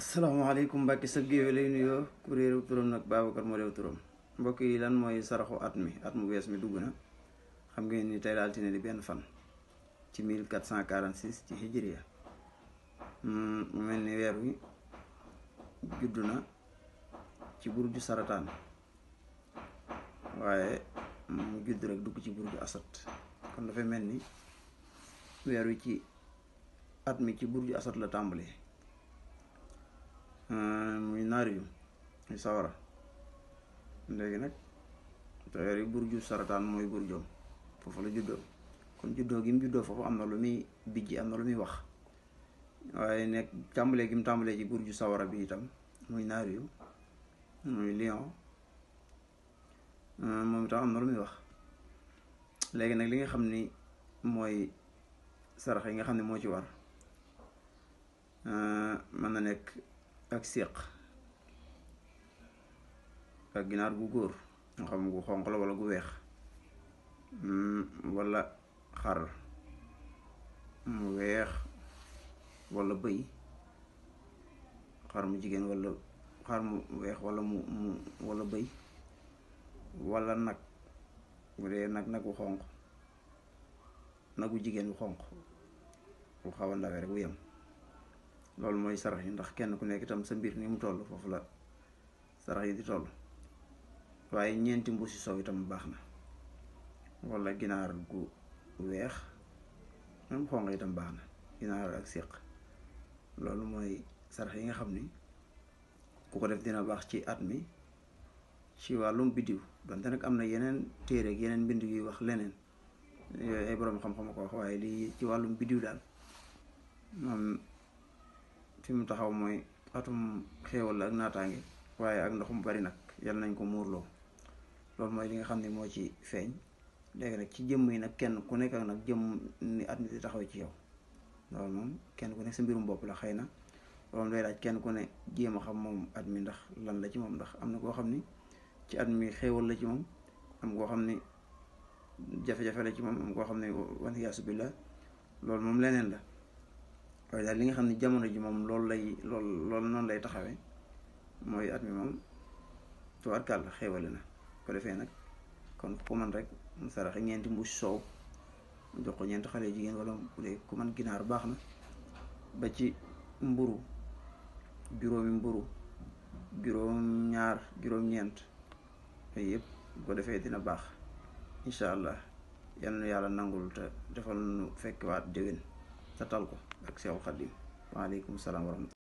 Assalamualaikum Mbacke sa géewe lay nuyoo kuréelu turum nak babakar mo réew turum mbokk yi lan moy saraxu atmi mi wess mi duguna na xam ngeen ni tay dal altine di fan ci 1446 ci hijriya hmm mel ni weer wi judd na ci burju saratan waye mu judd rek dugg ci burju asat kon dafa melni ni weer wi ci atmi ci burju asat la tàmbalee muy naar yu muy sawara léegi nag taweer yi buur ju sarataan mooy buur joom foofu la juddoo kon juddoo gi mu juddoo foofu am na lu muy bijji am na lu muy wax waaye nekk tàmbalee gi mu tàmbalee ci buur ju sawara bi itam muy naar yu muy lion moom itam am na lu muy wax léegi nag li nga xam ni mooy sarax yi nga xam ne moo ci war mën na nekk ak séq ak ginaar gu góor nga ah. xam gu xonq la wala gu weex hmm, wala xar mu weex wala bëy xar mu jigéen wala xar mu weex walla mu mu wala bëy wala nag nag wu xonq nagu jigéen wu xonq bu xaw a ndawee rek bu yem lol moy sarax yi ndax kenn ku nekk tam sa mbir ni mu tollu fofu la sarax yi di tollu waye ñenti mbusi sow itam baxna wala ginar gu weex même xong itam baax na ginaar ak siq lol moy sarax yi nga xamni ku ko def dina bax ci atmi ci walum bidiw donte nag am na yeneen téere ak yeneen wax lenen ay borom xam-xam ko wax waye li ci walum bidiw dal mom fi mu taxaw mooy atum xéewal la ak naataange waaye ak ndox mu bari nag yal nañ ko muurloo loolu mooy li nga xam ne mooy ci feeñ léegi nag ci jëm yi nag kenn ku nekk ak nag jëmm ni at mi taxaw ci yow loolu moom kenn ku ne si mbirum bopp la xay na loolu kenn ku ne jéem a xam moom at mi ndax lan la ci moom ndax am na koo xam ni ci at mi xéewal la ci am koo xam ni jafe-jafe la ci moom am koo xam ne wan loolu moom leneen la waaye daal li nga xam ne jamono ji moom loolu lay lool lool noonu lay taxawee mooy at mi moom tubaarkàll xéewale na ko defee nag kon ku man rek mu saraxe ñeenti mbuus soow jox ko ñeenti xale jigéen wala bu dee ku man ginaar baax na ba ci mburu juróomi mburu juróom ñaar juróom-ñeent yooyu yëpp bu ko defee dina baax incha allah yal yàlla nangul te defal nu fekk waat déwén ca tal ko ak Seexul Xadiim waaleykum salaam wa rahmatulah